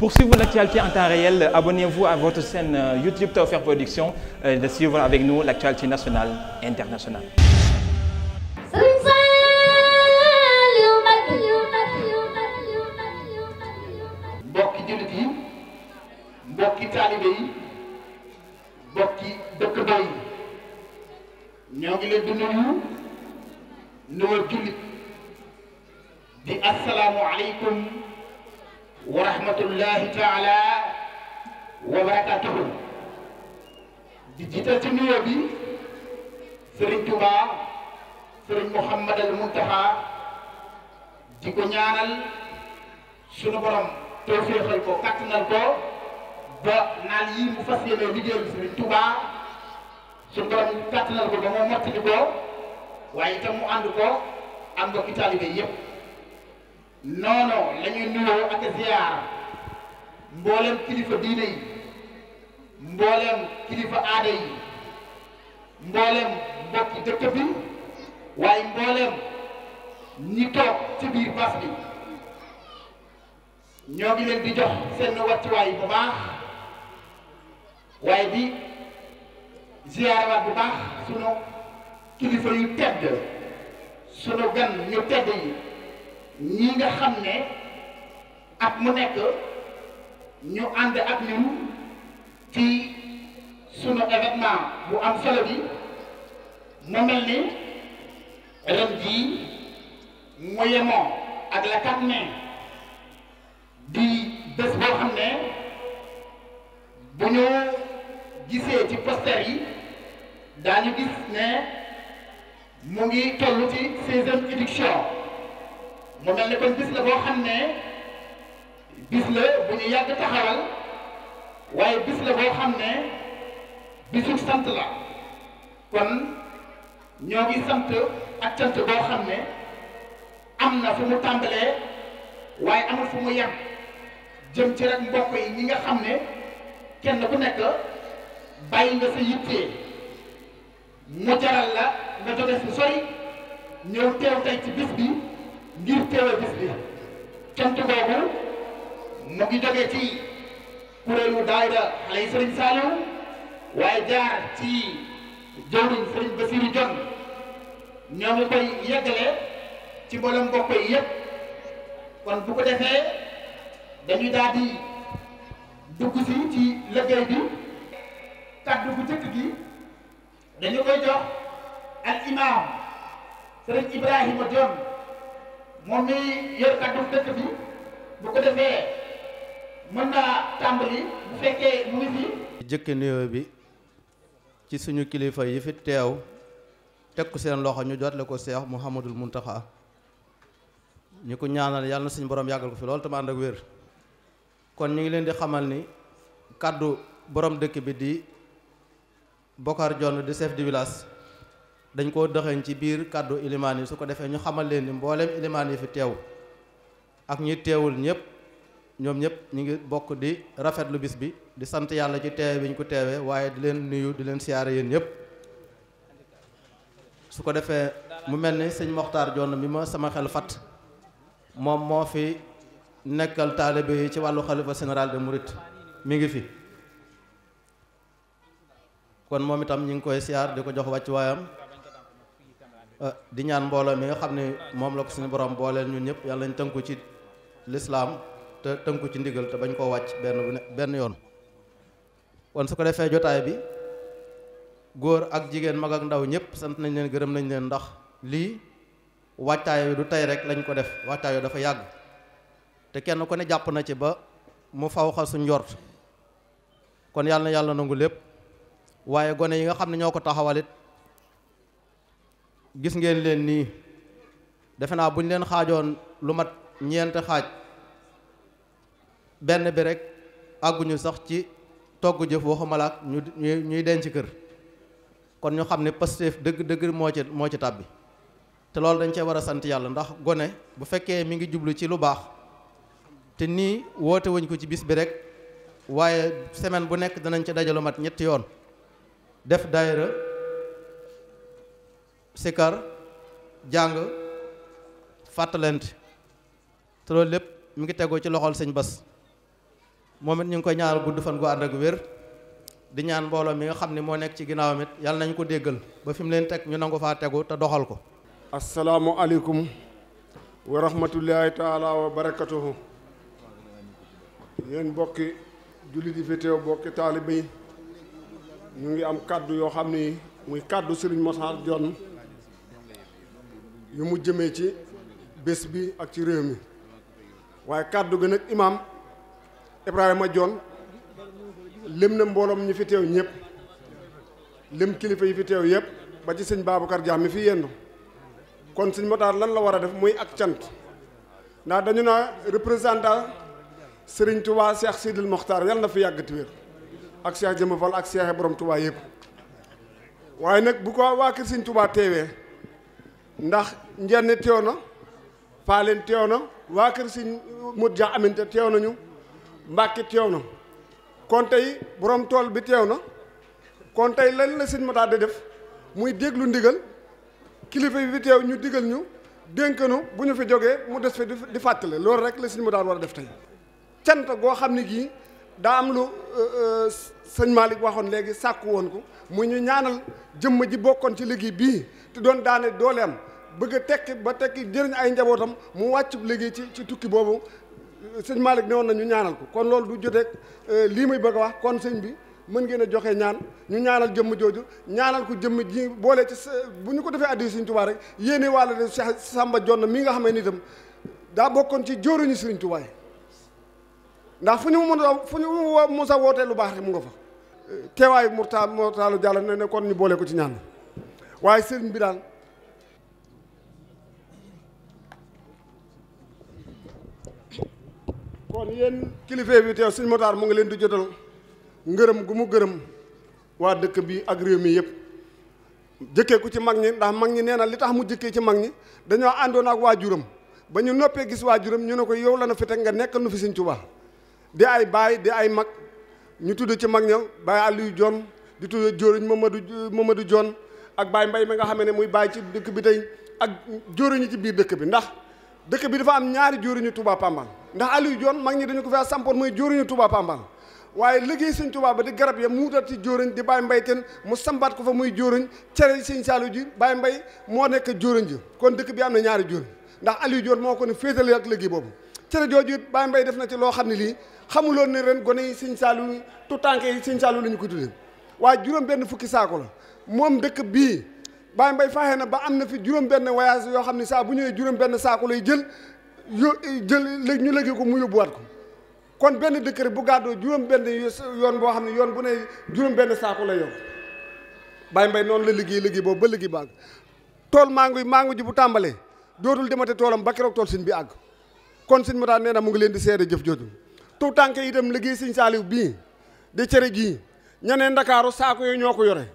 Pour suivre l'actualité en temps réel, abonnez-vous à votre chaîne euh, YouTube Tawfekh Production et euh, de suivre avec nous l'actualité nationale et internationale. mbokki jullit yi mbokki taalibe yi mbokki dëkkandoo yi ñoo ngi leen di nuyu nuyoo jullit di asalaamu aleykum wa rahmatullahi taala wa barakatuhu di jiital ci nuyoo bi Serigne Touba Serigne Mouhamad al Muntaha di ko ñaanal sunu borom tawféexal ko kattanal ko ba naal yii mu fas yéene liggéeyal Serigne Touba sunu borom kattanal ko ba mu mottali ko waaye mu ànd ko am mbokki taalibe yépp noonu la nuyoo ak ziar mboolem kilifa diine yi mboolem kilifa aada yi mboolem mbokki dëkk bi waaye mboolem ñi toog ci biir bas bi ñoo ngi leen di jox seen wàccuwaay bu baax waaye di ziarawaat bu baax sunu kilifa yu tedd sunu gan ñu tedd yi. ñi nga xam ne at mu nekk ñu ànd ak ñun ci sunu événement bu am solo bi mu mel ni ren jii mu yemoo ak la 4 mai di bés boo xam ne bu ñu gisee ci poster yi daañu gis ne mu ngi toll ci seizième édition mu mel ne kon bis la boo xam ne bis la bu ñu yàgg taxawal waaye bis la boo xam ne bisu sant la kon ñoo ngi sant ak cant boo xam ne am na fu mu tàmbalee waaye amul fu mu yem jëm ci rek mbokk yi ñi nga xam ne kenn ku nekk bàyyi nga sa yittee mu jaral la nga jóge fu sori ñëw teew tey ci bis bi ngir teel a bis bi cant boobu mu ngi jógee ci kuréelu daayira xale yi Serigne waaye jaar ci jëwriñ Serigne Bassirou Dione ñoo koy yeggale ci mboolem mbokk yi yëpp kon bu ko defee dañuy daal dugg si ci liggéey bi kaddu bu jëkk gi dañu koy jox al imam Serigne Ibrahima Dione moom mi yor kàddu dëkk bi bu ko defee mën naa tàmbali bu fekkee mu ngi fi. jëkki nuyoo bi ci suñu kilifa yi fi teew teg ku seen loxo ñu jot la ko Seex Muhammadul Muntaxa ñu ko ñaanal yàlla suñu borom yàggal ko fi loolu tam ànd kon ñu ngi leen di xamal ni kàddu boroom dëkk bi di Bokar Jonn di chef de village. dañ koo dëxëñ ci biir kàddu ilimaan yi su ko defee ñu xamal leen ni mbooleem ilimaan yi fi teew ak ñi teewul ñépp ñoom ñëpp ñu ngi bokk di rafetlu bis bi di sant yàlla ci teewe bi ñu ko teewee waaye di leen nuyu di leen siyaare yéen ñëpp su ko defee mu mel ni sëñ Moxtaar Jonn bi ma sama xel fat moom moo fi nekkal taalibe yi ci wàllu xalifa général de Mouride mi ngi fi kon moom itam ñu ngi koy siyaar di ko jox wàcc waayam Euh, di ñaan mbooloo mi nga xam ne moom la ko suñu borom booleel ñun ñëpp yàlla nañ tënku ci lislaam te tënku ci ndigal te bañ koo wàcc benn benn yoon kon su ko defee jotaay bi góor ak jigéen mag ak ndaw ñëpp sant nañ leen gërëm nañ leen ndax lii wàccaay du tey rek lañ ko def wi dafa yàgg te kenn ku ne jàpp na ci ba mu faw xal suñ njort kon yàlla yàlla nangu lépp waaye gone yi nga xam ne ñoo ko taxawalit gis ngeen leen nii defe naa bu ñu leen xaajoon lu mat ñeent xaaj benn bi rek àgguñu sax ci togg jëf waxumala ak ñu ñuy denc kër kon ñu xam ne Pastef dëgg dëgg moo ci moo ci tàbbi te loolu dañ cee war a sant yàlla ndax gone bu fekkee mi ngi jublu ci lu baax te nii woote wuñ ko ci bis bi rek waaye semaine bu nekk danañ ci dajalu mat ñetti yoon def daayira sikar jàng fàttalent te loolu lépp mu ngi tegoo ci loxol sëñ Bas moom it ñu ngi koy ñaanal gudd fan gu ànd ak wér di ñaan mbooloo mi nga xam ne moo nekk ci ginnaawam it yàlla nañ ko déggal ba fi mu leen teg ñu nangu faa tegu te doxal ko. asalaamualeykum wa rahmatullahi taala wa barakatuhu yéen bokki jullit yi fi teew bokki taalibe yi ñu ngi am kàddu yoo xam ni muy kàddu Serigne Massar Dione yu mu jëmee ci bés bi ak ci réew mi waaye kàddu gi nag imaam Ibrahima jon lim na mbooloom ñu fi teew ñëpp lim kilifa yi fi teew yëpp ba ci sëñ Babacar Dia mi fi yendu kon sëñ Motaar lan la war a def muy ak cant ndax dañu na représentant Serigne Touba Cheikh Sidil Mokhtar yàlla na fi yàgg te wér ak Cheikh Jëmb Fall ak Cheikh borom Touba yëpp waaye nag bu ko waa kër sëñ Touba teewee. ndax njenn teew na faaleen teew na waa kër si mut ja aminte teew nañu mbàkki teew na kon tey boroom tool bi teew na kon tey lan la sëñ Matar di def muy déglu ndigal kilifa yi fi teew ñu digal ñu dénkanu bu ñu fi jógee mu des fi di fàttale loolu rek la sëñ Matar war a def tey cant goo xam ne gii daa am lu euh, euh, sëñ Malick waxoon léegi sàkku woon ko mu ñu ñaanal jëmm ji bokkoon ci liggéey bii doon daane dooleem bëgg a tekki ba tekki jëriñ ay njabootam mu wàcc liggéey ci ci tukki boobu sëñ Malick ne woon na ñu ñaanal ko kon loolu du joteeg euh, lii muy bëgg a wax kon sëñ bi mën ngeen a joxe ñaan ñu ñaanal jëmm jooju ñaanal ko jëmm ji boole ci bu ñu ko defee addi sëñ Tuubaa rek yéene wàlla de Cheikh Samba Jonn mi nga xam ne nitam daa bokkoon ci jóoruñu sëñ Tuubaa ndax fu ñu mën a fu ñu mu sa wootee lu baax rek mu nga fa teewaayu Murtaa Murtaalu Jàll ne ne kon ñu boole ko ci ñaan waaye sëriñ bi daal kon yéen kilifa bi teew sëñ Motaar mu ngi leen di jotal ngërëm gu mu gërëm waa dëkk bi ak réew mi yëpp jëkkee ku ci mag ñi ndax mag ñi nee na li tax mu jëkkee ci mag ñi dañoo àndoon ak waa waajuram ba ñu noppee gis waa waajuram ñu ne ko yow la na fi teg nga nekkal nu fi sëñ Tuubaa di ay baay di ay mag ñu tudd ci mag ña Baay Aliou Dione di tudd Jóoriñ Mamadou Mamadou Dione ak baay mbay mi nga xam ne muy baay ci dëkk bi tey ak jóoruñu ci biir dëkk bi ndax dëkk bi dafa am ñaari jóoruñu Touba Pambal ndax Aliou joon mag ñi dañu ko fi sampoon mooy jóoruñu Touba Pambal waaye liggéey sëñ Touba ba di garab ya mu wutal ci jóoruñ di bàyyi mbay teen mu sambaat ko fa muy jóoruñ cere sëñ Saliou ji bàyyi mbay moo nekk jóoruñ ji kon dëkk bi am na ñaari jóoruñ ndax Aliou Dione moo ko ne féetale ak liggéey boobu cere jooju it bàyyi mbay def na ci loo xam ne lii xamuloon ne ren gone yi saalu Saliou tutànke yi sëñ Saliou la ko tuddee waaye juróom benn fukki saako la moom dëkk bii Baye mbay faaxee na ba am na fi juróom-benn voyage yoo xam ne saa bu ñëwee juróom-benn saako lay jël yo jël ñu léegi ko mu yóbbuwaat ko kon benn dëkk bu gàddoo juróom-benn yoon boo xam ne yoon bu ne juróom-benn saako lay yow Baye Mbaye noonu la liggéey liggéey boobu ba léegi ba àgg tool mango yi mango ji bu tàmbalee dootul demate toolam ba keroog tool sin bi àgg kon sin motaan nee na mu ngi leen di seede jëf jooju tout tànk itam liggéey Sëñ Saaliw bii di cere jii ñeneen Ndakaaru saako yooyu ñoo ko yore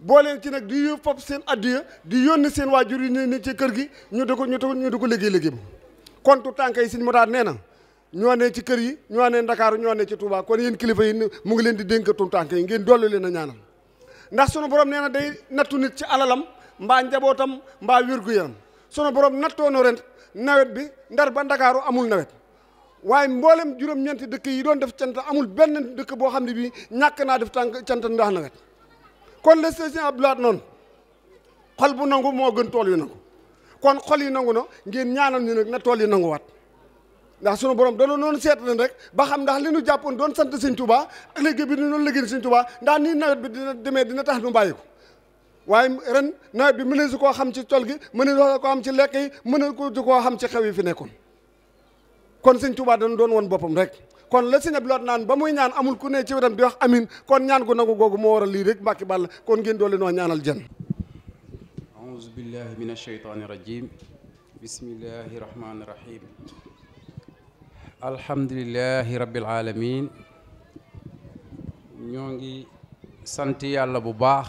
boo ci nag di yóbbu fop seen addiya di yónni seen waajur yi ne ci kër gi ñu di ko ñu di ko liggéey liggéey bu kon tu tànk yi Sëñ Motaar nee na ñoo ne ci kër yi ñoo ne Ndakaaru ñoo ne ci Touba kon yéen kilifa yi mu ngi leen di dénk tu tànk yi ngeen dolli leen a ñaanal ndax sunu borom nee na day nattu nit ci alalam mbaa njabootam mbaa wér-gu-yaram sunu borom nattoonoo ren nawet bi ndar ba Ndakaaru amul nawet waaye mboolem juróom-ñeenti dëkk yi doon def cant amul benn dëkk boo xam ne bii ñàkk naa def tànk cant ndax nawet kon le sëñ Abdou Lahad noon xol bu nangu moo gën tool yi nangu kon xol yi nangu na ngeen ñaanal ñu nag na tool yi nanguwaat ndax sunu borom dana noonu seet leen rek ba xam ndax li nu jàppoon doon sant sëñ Touba ak bi ñu doon liggéey sëñ Touba ndax nii nawet bi dina demee dina tax nu bàyyi ko waaye ren nawet bi mëneesu koo xam ci tool gi mëneesu koo xam ci lekk yi mëneesu koo xam ci xew yi fi nekkoon kon sëñ Touba dana doon woon boppam rek. kon la si nebloot naan ba muy ñaan amul ku ne ci wetam di wax amin kon ñaan gu nangu googu moo waral lii rek mbàkki bàll kon ngeen doole noo ñaanal jën aouzu billahi min asheytaani rajim bismillahi rahmaani rahim alhamdulilahi rabbil alamin ñoo ngi sant yàlla bu baax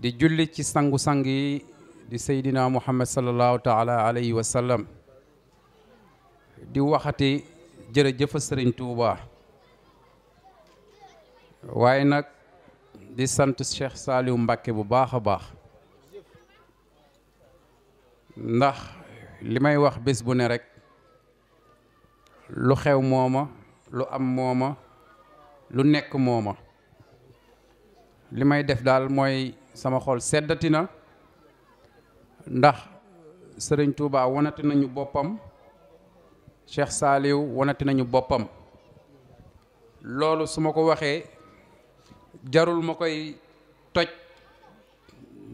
di julli ci sangu-sang yi di seydina muhammad sallallahu taala alayhi wa sallam di waxati jërëjëfa sëriñ Touba waaye nag di sant Cheikh Saliou Mbacké bu baax a baax ndax li may wax bés bu ne rekk lu xew mooma lu am mooma lu nekk mooma li may def daal mooy sama xol seddati na ndax sëriñ Touba wonati nañu boppam Cheikh Saliou wanati nañu boppam loolu su ma ko waxee jarul ma koy toj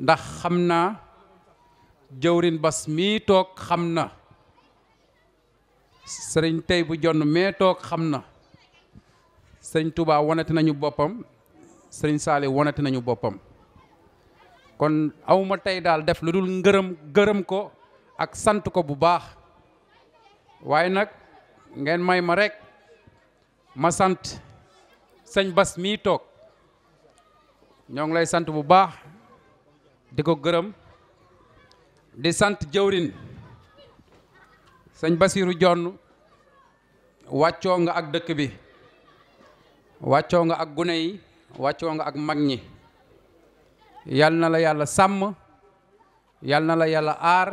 ndax xam naa jëwrin bas mii toog xam na sëriñ tey bu jonn mee toog xam na sëriñ Touba wanati nañu boppam sëriñ Saliou wanati nañu boppam kon awma tey daal def lu dul ngërëm gërëm ko ak sant ko bu baax waaye nag ngeen may ma rek ma sant sëñ Bas mii toog ñoo ngi lay sant bu baax di ko gërëm di sant jëwrin sëñ Basiiru Jonn wàccoo nga ak dëkk bi wàccoo nga ak gune yi wàccoo nga ak mag ñi yal na la yàlla sàmm yal na la yàlla aar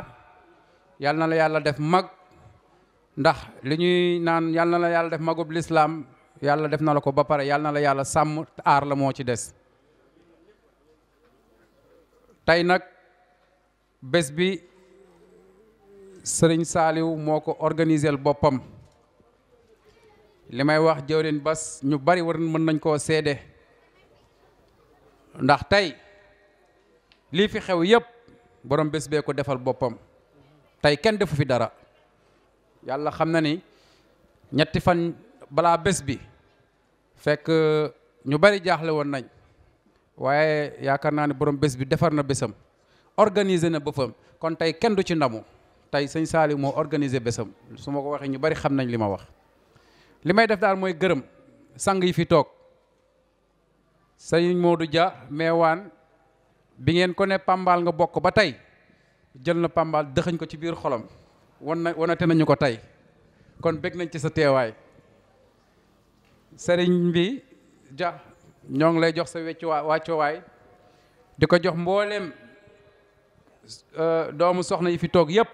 yal na la yàlla def mag ndax li ñuy naan yal na la yàlla def magub lislaam yàlla def na la ko ba pare yal na la yàlla sàmm aar la moo ci des tey nag bés bi sëriñ saaliw moo ko organiseel boppam li may wax jëwrin bas ñu bari war mën nañ koo seede ndax tey lii fi xew yépp borom bés bee ko defal boppam tey kenn defu fi dara yàlla xam na ni ñetti fan balaa bés bi fekk euh, ñu bari jaaxle woon nañ waaye yaakaar naa ne borom bés bi defar na bésam organiser na bëfam kon tey kenn du ci ndamu tey sëñ Saali moo organiser bésam su ma ko waxee ñu bari xam nañ li ma wax li may def daal mooy gërëm sang yi fi toog sëñ Modou Dia meewaan bi ngeen ko ne Pambal nga bokk ba tey jël na Pambal dëxëñ ko ci biir xolam wan na wanate nañu ko tey kon bég nañ ci sa teewaay sëriñ bi ja ñoo ngi lay jox sa weccu wàccuwaay di ko jox mbooleem euh, doomu soxna yi fi toog yëpp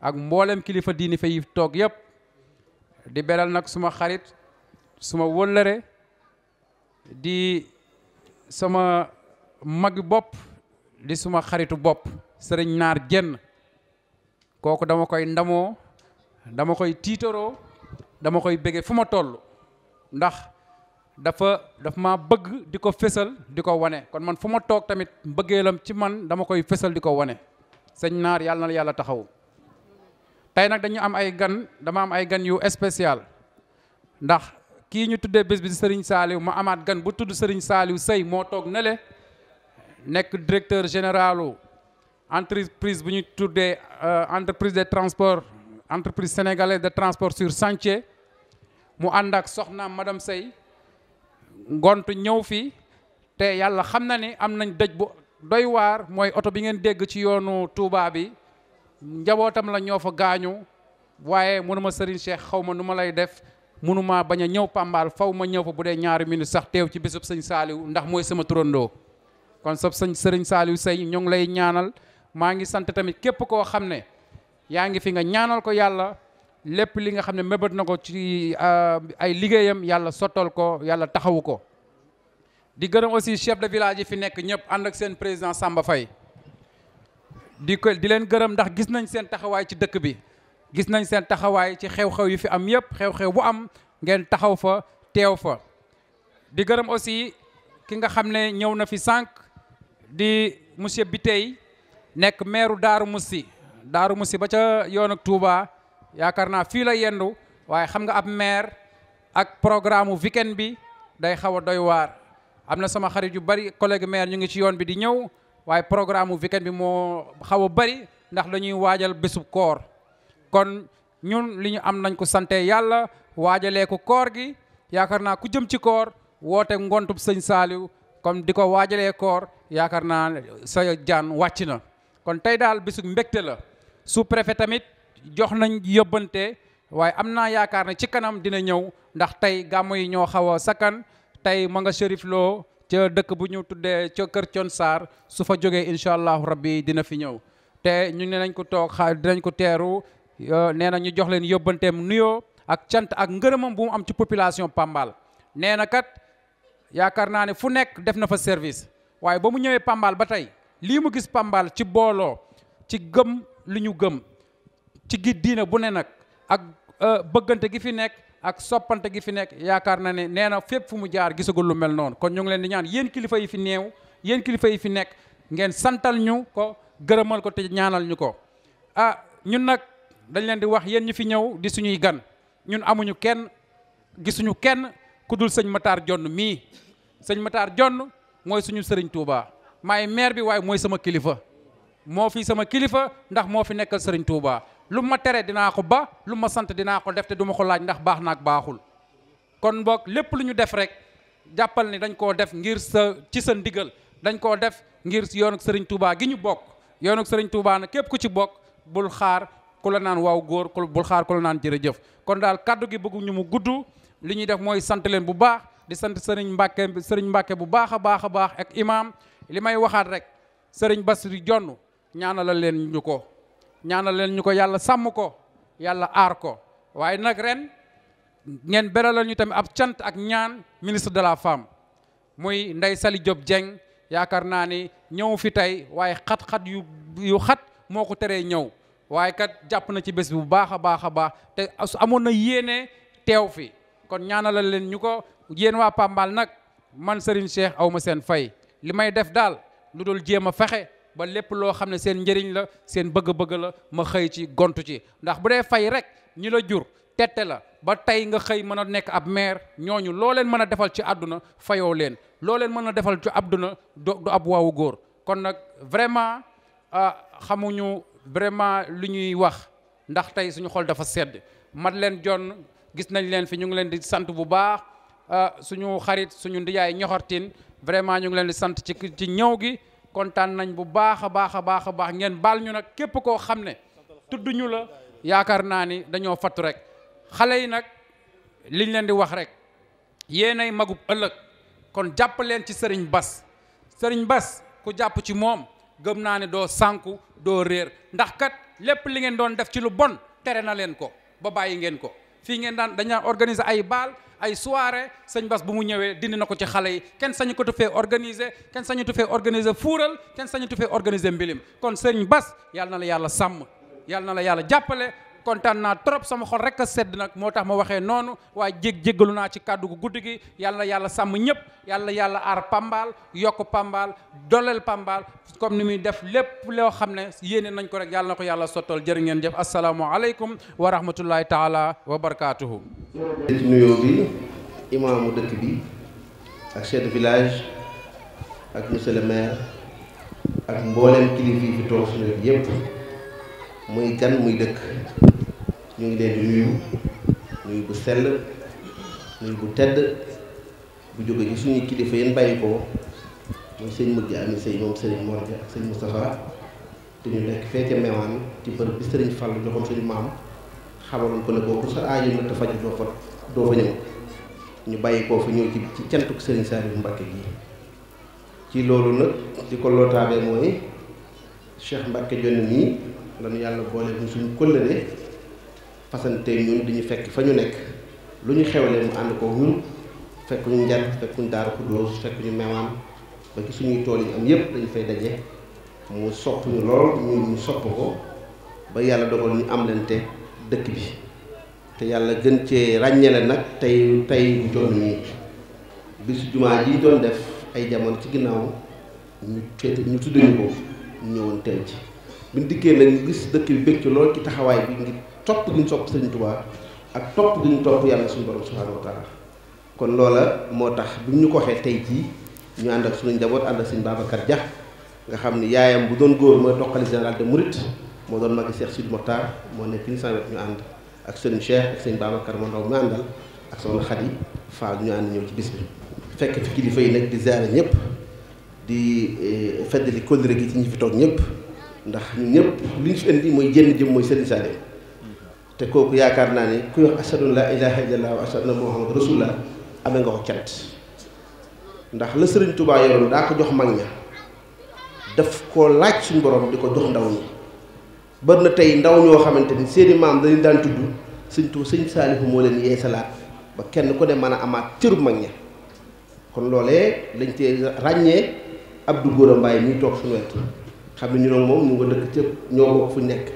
ak mboolem kilifa diini fa yi toog yëpp di beral nag suma xarit suma wëllëre di sama mag bopp di suma xaritu bopp sëriñ naar jenn kooku dama koy ndamoo dama koy tiitaroo dama koy bége fu ma toll ndax dafa dafa ma bëgg di ko fésal di ko wane kon man fu ma toog tamit mbëggeelam ci man dama koy fésal di ko wane sëñ naar yàlla na yàlla taxaw tey nag dañu am ay gan dama am ay gan yu spécial ndax kii ñu tuddee bés bi Serigne Saliou ma amaat gan bu tudd Serigne Saliou Sey moo toog nele nekk directeur généralu entreprise bu ñu tuddee euh, entreprise de transport entreprise sénégalaise de transport sur chantier mu ànd ak soxnaam madame say ngont ñëw fii te yàlla xam na ni am nañ dëj bu doy waar mooy oto bi ngeen dégg ci yoonu Touba bi njabootam la ñoo fa gaañu waaye mënuma Serigne Cheikh xaw ma nu ma lay def mënuma bañ ñëw Pambal faw ma ñëw fa bu dee ñaari minute sax teew ci bésub sëñ Saaliw ndax mooy sama turandoo kon sab sëñ Serigne Saaliw Sey ñoo ngi lay ñaanal maa ngi sant tamit képp koo xam ne yaa ngi fi nga ñaanal ko yàlla lépp li nga xam ne mébét na ko ci euh, ay liggéeyam yàlla sottal ko yàlla taxawu ko di gërëm aussi chef de village yi fi nekk ñëpp ànd ak seen président Samba fay di ko di leen gërëm ndax gis nañ seen taxawaay ci dëkk bi gis nañ seen taxawaay ci xew-xew yu fi am yëpp xew-xew bu am ngeen taxaw fa teew fa di gërëm aussi ki nga xam ne ñëw na fi sànq di monsieur tey nekk meeru Daaru Musi Daaru Musi ba ca yoon ak Touba yaakaar naa fii la yendu waaye xam nga ab maire ak programme weekend bi day xaw a doy waar am na sama xarit yu bari collègue maire ñu ngi ci yoon bi di ñëw waaye programme weekend bi moo xaw a bari ndax dañuy waajal bésub koor kon ñun li ñu am nañ ko sante yàlla waajalee ko koor gi yaakaar naa ku jëm ci koor woote ngontub sëñ Saaliw comme di ko waajalee koor yaakaar naa sa jaan wàcc na kon tey daal bisu mbégte la su préfet tamit jox nañ yóbbante waaye am naa yaakaar ne ci kanam dina ñëw ndax tey gàmmu yi ñoo xaw a sakkan tey ma nga Chérif loo ca dëkk bu ñu tuddee ca kër Thion Sarr su fa jógee incha allahu rabbi dina fi ñëw te ñu ne nañ ko toog xaar dinañ ko teeru nee na ñu jox leen yóbbanteem nuyoo ak cant ak ngërëmam bu mu am ci population Pambal nee na kat yaakaar naa ne fu nekk def na fa service waaye ba mu ñëwee Pambal ba tey lii mu gis Pambal ci booloo ci gëm li ñu gëm ci gi diina bu ne nag ak euh, bëggante gi fi nekk ak soppante gi fi nekk yaakaar na ne nee na fépp fu mu jaar gisagul lu mel noonu kon ñu ngi leen di ñaan yéen kilifa yi fi néew yéen kilifa yi fi nekk ngeen santal ñu ko gërëmal ko te ñaanal ñu ko ah ñun nag dañ leen di wax yéen ñu fi ñëw di suñuy gan ñun amuñu kenn gisuñu kenn ku dul sëñ Matar Jonn mii sëñ Matar Jonn mooy suñu sëriñ tuubaa maay maire bi waaye mooy sama kilifa moo fi sama kilifa ndax moo fi nekkal Serigne Touba lu ma tere dinaa ko ba lu ma sant dinaa ko def te duma ko laaj ndax baax naag baaxul kon boog lépp lu ñu def rek jàppal ni dañ koo def ngir sa ci sa ndigal dañ koo def ngir yoon yoonu Serigne Touba gi ñu bokk yoonu sëriñ Touba na képp ku ci bokk bul xaar ku la naan waw góor bul xaar ku la naan jërëjëf kon daal kaddu gi bëggu ñu mu gudd li ñuy def mooy sant leen bu baax di sant Serigne Mbacke Serigne Mbacke bu baax a baax a baax ak imam li may waxaat rek sëriñ Basri jonn ñaanalal leen ñu ko ñaanal leen ñu ko yàlla sàmm ko yàlla aar ko waaye nag ren ngeen beralal ñu tamit ab chant ak ñaan ministre de la femme muy ndey Saly Diop jeng yaakaar naa ni ñëw fi tey waaye xat-xat yu xat moo ko teree ñëw waaye kat jàpp na ci bés bu baax a baax a baax te amoon na yéene teew fi kon ñaana ñaanalal leen ñu ko yéen waa Pambal nag man Serigne Cheikh aw ma seen fay li may def daal lu dul jéem a fexe ba lépp loo xam ne seen njëriñ la seen bëgg-bëgg la ma xëy ci gontu ci ndax bu dee fay rek ñi la jur tette la ba tey nga xëy mën a nekk ab maire ñooñu loo leen mën a defal ci àdduna fayoo leen loo leen mën a defal ci àdduna du ab waawu góor kon nag vraiment ah, xamuñu vraiment lu ñuy wax ndax tey suñu xol dafa sedd leen Dione gis nañ leen fi ñu ngi leen di sant bu baax ah, suñu xarit suñu ndiyaay ñoxortin vraiment ñu ngi leen di sant ci ci ñëw gi kontaan nañ bu baax a baax a baax a baax ngeen baal ñu nag képp koo xam ne tudd ñu la yaakaar naa ni dañoo fattu rek xale yi nag liñ leen di wax rek yéenay magub ëllëg kon jàpp leen ci sëriñ Bas sëriñ Bas ku jàpp ci moom gëm naa ne doo sànku doo réer ndax kat lépp li ngeen doon def ci lu bon tere na leen ko ba bàyyi ngeen ko fii ngeen daan dañaa organiser ay baal ay soirée sëñ Bas bu mu ñëwee dindi na ko ci xale yi kenn sañu ko tu fee organiser kenn sañu tu fee organiser fuural kenn sañu tu fee organiser mbilim kon sëñ Bas yàlla na la yàlla sàmm yàlla na la yàlla jàppale kontaan naa trop sama xol rek a sedd nag moo tax ma waxee noonu waaye jég jéggalu naa ci kàddu gu guddi gi yàlla yàlla sàmm ñëpp yàlla yàlla aar pambaal yokk pambaal doleel pambaal comme ni muy def lépp loo xam ne yéene nañ ko rek yàlla na ko yàlla sottal jërë ngeen jëf asalaamaaleykum wa rahmatullahi taala wa barakaatuhu. di nuyoo bi imaamu dëkk bi le maire ak mboolem kilifa muy gan muy dëkk. ñu ngi leen di nuyu nuyu bu sell nuyu bu tedd bu jóge ci suñuy kilifa yéen bàyyi ko mooy sëñ Modou Dia Amy Seye moom sëriñ Mor ak sëñ Moustapha te ñu nekk fee ca Mewane ci bërëb bi sëriñ Fallou joxoon suñu maam xamaloon ko ne boo ko sa aajo nag faj doo fa doo fa ñëw ñu bàyyi koo fa ci ci cantuk sëriñ Saliou Mbacke gi ci loolu nag di ko lootaabee mooy Cheikh Mbacke jonn mii lañu yàlla boole mu suñu kóllëre fasante ñun di ñu fekk fa ñu nekk lu ñu xewlee mu ànd ko ñun fekk ñu njariñ fekk ñu daaru xuddoos fekk ñu meewaan ba ci suñuy tool yi am yépp dañu fay daje mu sopp ñu lool ñu sopp ko ba yàlla dogal ñu am lente dëkk bi te yàlla gën cee ràññele nag tey tey jonn ñi bisu jumaa ji doon def ay jamono ci ginnaaw ñu féete ñu tuddañu ko ñëwoon teew ci bi dikkee nag gis dëkk bi bëgg ci lool ci taxawaay bi ngir topp gi ñu sopp sëriñ Tuubaa ak topp gi ñu topp yàlla suñu borom subhaanahu wa taala kon loola moo tax bi ñu ko waxee tey jii ñu ànd ak suñu njaboot ànd ak sëriñ Babacar Dia nga xam ni yaayam bu doon góor mooy toqali général de Mouride moo doon magi Cheikh Sidi Mokhtar moo nekk ci saa ñu ànd ak ak sëriñ Babacar moo ndaw mi àndal ak soxna Khady Fall ñu ànd ñëw ci bis bi. fekk fi kilifa yi nag di ziare ñëpp di eh, feddali kóllëre gi ci ñu fi toog ñëpp ndax ñun ñëpp lu ñu fi mooy jenn jëm mooy sëriñ Saliou te kooku yaakaar naa ni ku wax ashadu laa ilaaha illallaah wa ashadu anna muhammad amee nga ko cant ndax la sëriñ Tuubaa yoroon daa ko jox mag ña daf ko laaj suñu borom di ko jox ndaw ñi bari na tey ndaw ñoo xamante ni seeni maam dañu daan tudd sëñ tu sëñ saalihu moo leen yee salaat ba kenn ko ne mën a amaat cërub mag ña kon loolee lañ tee ràññee Abdou Gora Mbaye muy toog suñu wet xam ne ñu noonu moom ñu nga dëkk cëpp ñoo bokk fu nekk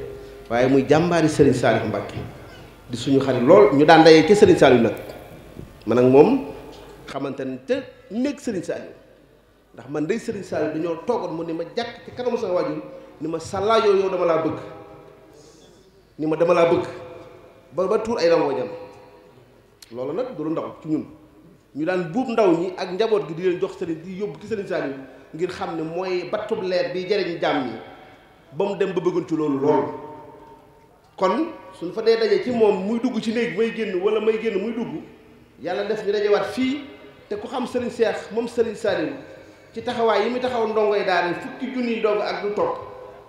waaye muy jàmbaari Serigne Saliou Mbacke di suñu xarit lool ñu daan dayee ci Serigne Saliou nag man ak moom xamante ne te nekk Serigne Saliou ndax man day Serigne Saliou dañoo toogoon mu ni ma jàkk ci kanamu sama waajur ni ma sàllaa yow dama laa bëgg ni ma dama laa bëgg ba ba tuur ay rangooñam loolu nag du lu ndaw ci ñun ñu daan buub ndaw ñi ak njaboot gi di leen jox Serigne di yóbbu ci Serigne Saliou ngir xam ne mooy battub leer bi jëriñ jàmm yi ba mu dem ba bëggantu loolu loolu kon suñ fa dee daje ci moom muy dugg ci néeg may génn wala may génn muy dugg yàlla def ñu dajewaat fii te ku xam Serigne Cheikh moom Serigne Saliou ci taxawaay yi muy taxaw ndongo yi daal fukki junniy dong ak lu topp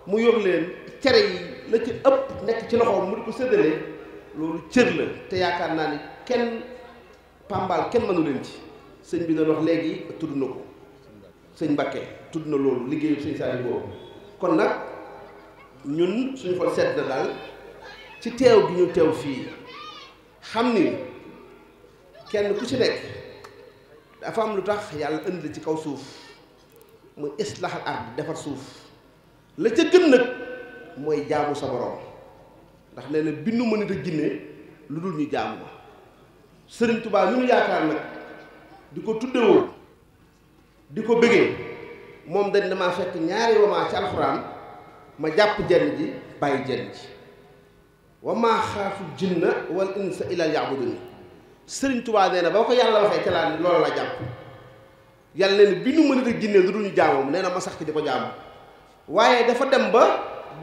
mu yor leen cere yi la ci ëpp nekk ci loxoom mu di ko séddalee loolu cër la te yaakaar naa ni kenn pàmbaal kenn mënu leen ci sëñ bi doon wax léegi tudd na ko sëñ Mbacke tudd na loolu liggéeyu sëñ Saliou boobu kon nag ñun suñu xol sedd daal. ci teew gi ñu teew fii xam ni kenn ku ci nekk dafa am lu tax yàlla indi ci kaw suuf muy islaaxal ard defar suuf la ca gën nag mooy jaamu sa borom ndax nee na bindu ma nit a jinne lu dul ñu jaamu ma sëriñ Tuubaa ñu yaakaar nag di ko tuddewoo di ko bëggee moom dañ damaa fekk ñaari wamaa ci alxuraan ma jàpp jenn ji bàyyi jenn ji wa maa xaafu jinna wal insa illaa yaabuduni sëriñ tubaa nee na ba ko yàlla waxee ca laa ne loolu la jàpp yàlla nee na bi nu mën a jinne lu dul ñu jaamam nee na ma sax ci di ko jaamu waaye dafa dem ba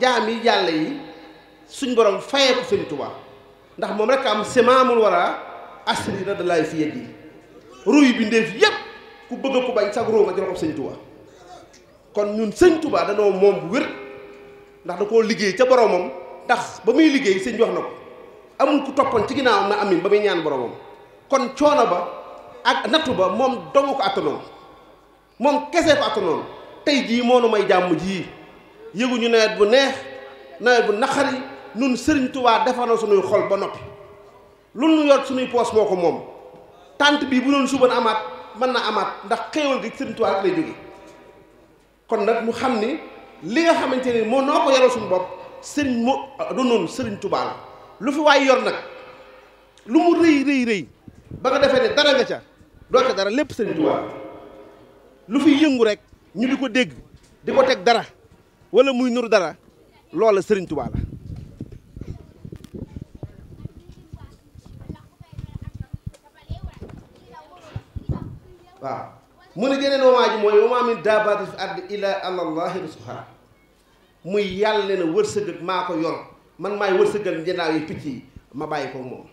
jaam yi yàlla yi suñ borom fayee ko sëriñ tubaa ndax moom rek am semaamul wara asri na dalay fi yëg yi ruy bi ndéef yépp ku bëgg ku bañ sag ruu nga ci loxob sëriñ tubaa kon ñun sëriñ tubaa danoo moom bu wér ndax da koo liggéey ca boromam ndax ba muy liggéey sëñ jox na ko amul ku toppoon ci ginnaaw am na amin ba muy ñaan boromam kon coono ba ak nattu ba moom dong ko attanoon moom kese ko attanoon tey jii moo nu may jàmm jii yëguñu nawet bu neex nawet bu naqari nun sëriñ Tuubaa defar na sunuy xol ba noppi lu nu yor sunuy poos moo ko moom tànt bii bu doon suba amaat mën na amaat ndax xéewal gi sëriñ Tuubaa lay jóge kon nag mu xam ni li nga xamante ni moo noo ko yaral suñu bopp sëriñ mo ah, du noonu sëriñ Tuubaa lu fi waay yor nag lu mu rëy rëy rëy ba nga defee ne dara nga ca doo dara lépp sëriñ Tuubaa lu fi yëngu rek ñu di ko dégg di ko teg dara walla muy nur dara loola sëriñ Tuubaa waaw mu ne geneen wamaa ji mooy wa maa min daabbatin fil ardi illaa alaa llaahi rizquhaa muy yàlla ne na wërsëgal maa ko yor man maay wërsëgal njëndaaw yi picc yi ma bàyyi ko moom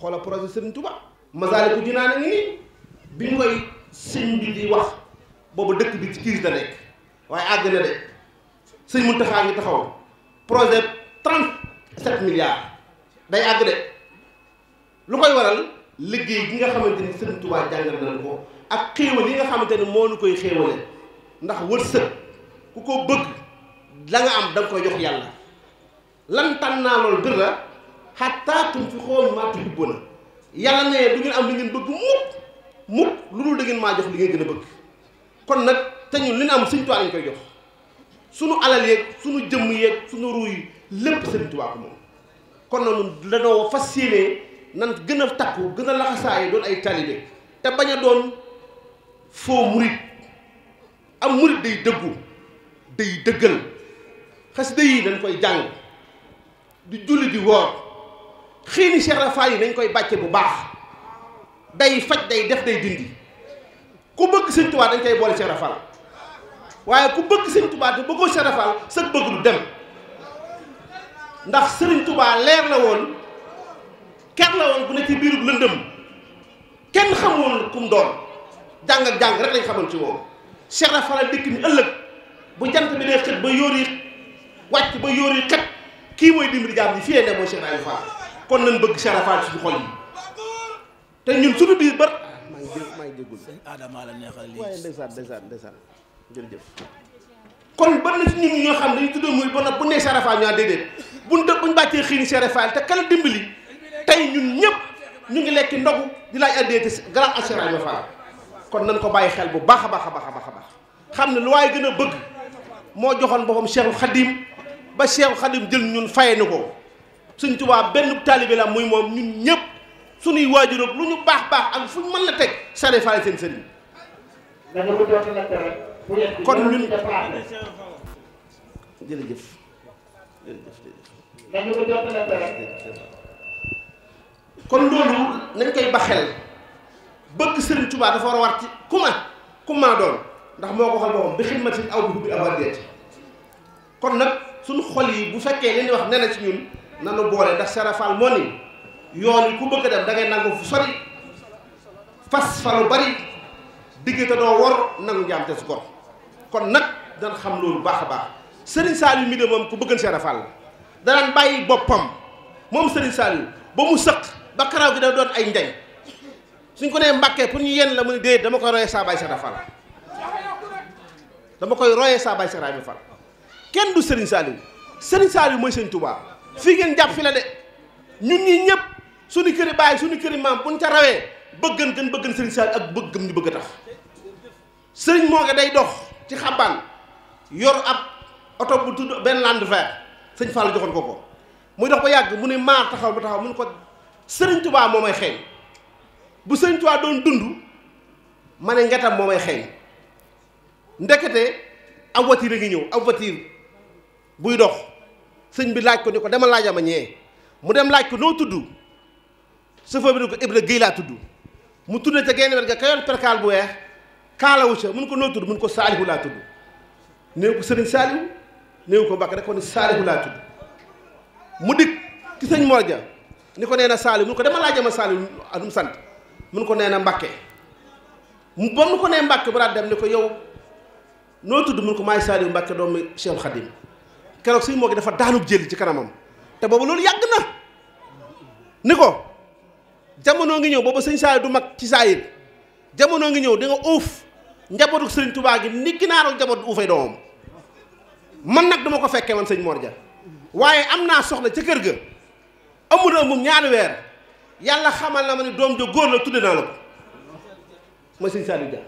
xoola projet Sëriñ Tuba Masaalikul Jinaan a ngi nii bi ñu koy sëñ bi di wax boobu dëkk bi ci crise la nekk waaye àgg na de sëñ Muntaxa ngi taxaw projet trente-sept milliards day àgg de lu koy waral liggéey gi nga xamante ni Sëriñ tubaa jàngal nañ ko ak xéewal yi nga xamante ni moo nu koy xéewale ndax wërsëg ku ko bëgg la am da nga koy jox yàlla lan tànnaa loolu bir la xataa tunfiqoo mimmaa na yàlla ne du ngeen am li ngeen bëgg mukk mukk lu dul dangeen maa jox li ngeen gën a bëgg kon nag te ñun li ñu am Sëñ Tuubaa lañ koy jox sunu alal yeeg sunu jëmm yeeg sunu ruuy lépp Sëñ Tuubaa ko moom kon nag ñun danoo fas yéene nan gën a takku gën a laxasaayi doon ay taalibe te bañ a doon foo murit am murit day dëggu day dëggal xasida yi dañ koy jàng di julli di woor xiini Cheikh Rafaa yi dañ koy bàcce bu baax day faj day def day dindi ku bëgg Sëñ Tuubaa dañ koy boole Cheikh Rafaa waaye ku bëgg Sëñ Tuubaa te bëggoo Cheikh Rafaa sa bëgg dem ndax Sëriñ Tuubaa leer la woon ker la woon bu ne ci biirub lëndëm kenn xamoon kum doon jàng ak jàng rek lañ xamoon ci moom Cheikh Rafaa la dikk ni ëllëg bu jant bi dee xët ba yóor wàcc ba yóori xet kii mooy dimbali jaam ñi fiyee ne mooy Cheikh Ibra Fall kon nañ te ñun suñu biir bër maa ngi maa ngi jéggul sëñ Adama la neexal waaye ndeysaan ndeysaan ndeysaan jërëjëf kon ban na ci ñun ñoo xam dañu tuddee muy bon nag bu nee Cheikh Ibra Fall ñu naan déedéet buñ def buñ bàccee xiini Cheikh Ibra Fall te ñun ñëpp ñu ngi lekk ndogu di laaj addee te grand ak Cheikh Ibra kon nañ ko bàyyi xel bu baax a baax a baax a baax baax xam ne lu waaye gën a bëgg moo joxoon boppam Cheikhul Khadim ba Cheikh Khadim jël ñun fay nu ko Sëñ tubaab benn taalibe la muy moom ñun ñëpp suñuy waajur ak lu ñu baax baax ak fu ñu mën la teg Sare Fall seen sëriñ kon ñun jërëjëf jërëjëf kon loolu nañ koy baxel bëgg Sëriñ Tuubaa dafa war a ci kuma kuma doon ndax moo ko waxal boppam bi xidmatin aw bi hubbi aw kon nag suñ xol yi bu fekkee li ñuy wax ne na ci ñun nanu boole ndax serafal moo ni yoon yi ku bëgg dem da ngay nangu fu sori fas fa lu bari digg te doo wor nangu njaamte su ko kon nag dan xam loolu baax a baax Serigne Saliou mi de moom ku bëggan serafal bàyyi boppam moom Serigne Saliou ba mu sëq ba karaw gi da doon ay njañ suñ ko nee mbàkkee pour ñu yenn la mu ne déedéet dama koy royee saa baay serafal dama koy royee saa baay fal kenn du Serigne Saliou Serigne Saliou mooy Serigne Touba fii ngeen jàpp fi la de ñun ñii ñëpp suñu këri baay suñu këri maam buñ ca rawee bëggan gën bëggan Serigne Saliou ak bëggam ñu bëgg a tax Serigne moo nga day dox ci xambaan yor ab oto bu tudd benn Land Vert sëñ Fall joxoon ko ko muy dox ba yàgg mu ne maar taxaw ba taxaw mu ne ko Serigne Touba moo may xeeñ bu Serigne Touba doon dund ne ngetam moo may xeeñ ndekete ab voiture ngi ñëw ab buy dox sëñ bi laaj ko ni ko dama laajama ñee mu dem laaj ko noo tudd chauffeur bi ni ko Ibra Guèye laa tudd mu tudde ca genn wet ga ka perkaal bu weex kaalawu ca mun ko noo tudd mun ko saalihu laa tudd néew ko sëriñ ko bàkk rek ko ni saalihu mu dikk ci sëñ Mor ni ko nee na saalihu mun ko dama laajama saalihu adum sant mun ko nee na mbàkke mu ba ko nee mbàkke bu laa dem ni ko yow noo tudd mun ko maay saalihu mbàkke doomu Cheikh Khadim keroog sëñ moo gi dafa daanub jëli ci kanamam te boobu loolu yàgg na ni ko jamonoo ngi ñëw booba sëñ saay du mag ci saayir jamonoo ngi ñëw di nga uuf njabootu sëriñ tubaa gi ni ginaaru njaboot uufay doomam man nag dama ko fekkee man sëñ Mor ja waaye am naa soxla ca kër ga amul amum ñaari weer yàlla xamal na ma ne doom jo góor la tudde naa la ko mooy sëñ Saliou Dia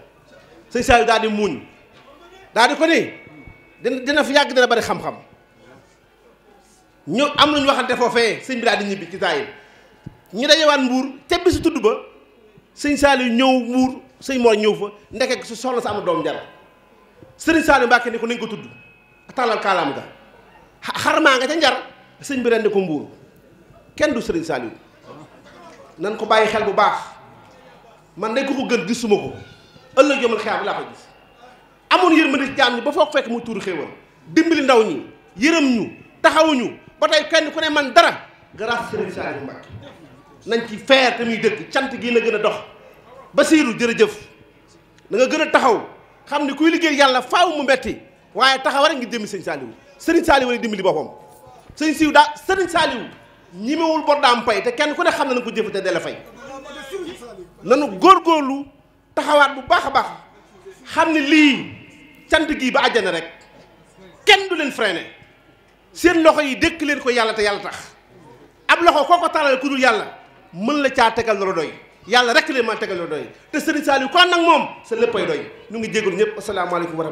sëñ Saliou daal di muuñ daal di ko ni dina dina fi yàgg dina bari xam-xam ñu am na ñu waxante foofee sëñ bi daal di ñibbi ci saayir ñu dajewaat mbuur ca bisu tudd ba sëñ Saliou ñëw mbuur sëñ Mor ñëw fa ndeke si soxla sa am doom jar sëriñ Saliou Mbacke ni ko nañ ko tudd tàllal kaalaam ga xarmaa nga ca njar sëñ bi rendi ko mbuur kenn du sëriñ Saliou nan ko bàyyi xel bu baax man nekk ko ko gën gisuma ko ëllëg yomal xeex bi laa ko gis amoon yërmande jaam ñi ba foo fekk mu tuur xéewal dimbali ndaw ñi yërëm ñu taxawuñu ba tey kenn ku ne man dara grâce Serigne Saliou Mbacké nañ ci feer te muy dëgg cant gii na gën a dox Basiiru jërëjëf da nga gën a taxaw xam ni kuy liggéey yàlla faw mu metti waaye taxaw rek ngir jëmi Serigne Saliou Serigne Saliou lay dimbali boppam sëñ Siiw daa Serigne Saliou ñimewul bor daam pay te kenn ku ne xam na ko jëf te dala fay nanu góorgóorlu taxawaat bu baax a baax xam ne lii cant gii ba àjjana rek kenn du leen freiné seen loxo yi dëkk leen ko yàlla te yàlla tax ab loxo koo ko tàllal ku dul yàlla mën la caa tegal la doy yàlla rek leen man tegal la doy moom sa léppay doy ñu ngi jégalu ñëpp asalaamaaleykum wa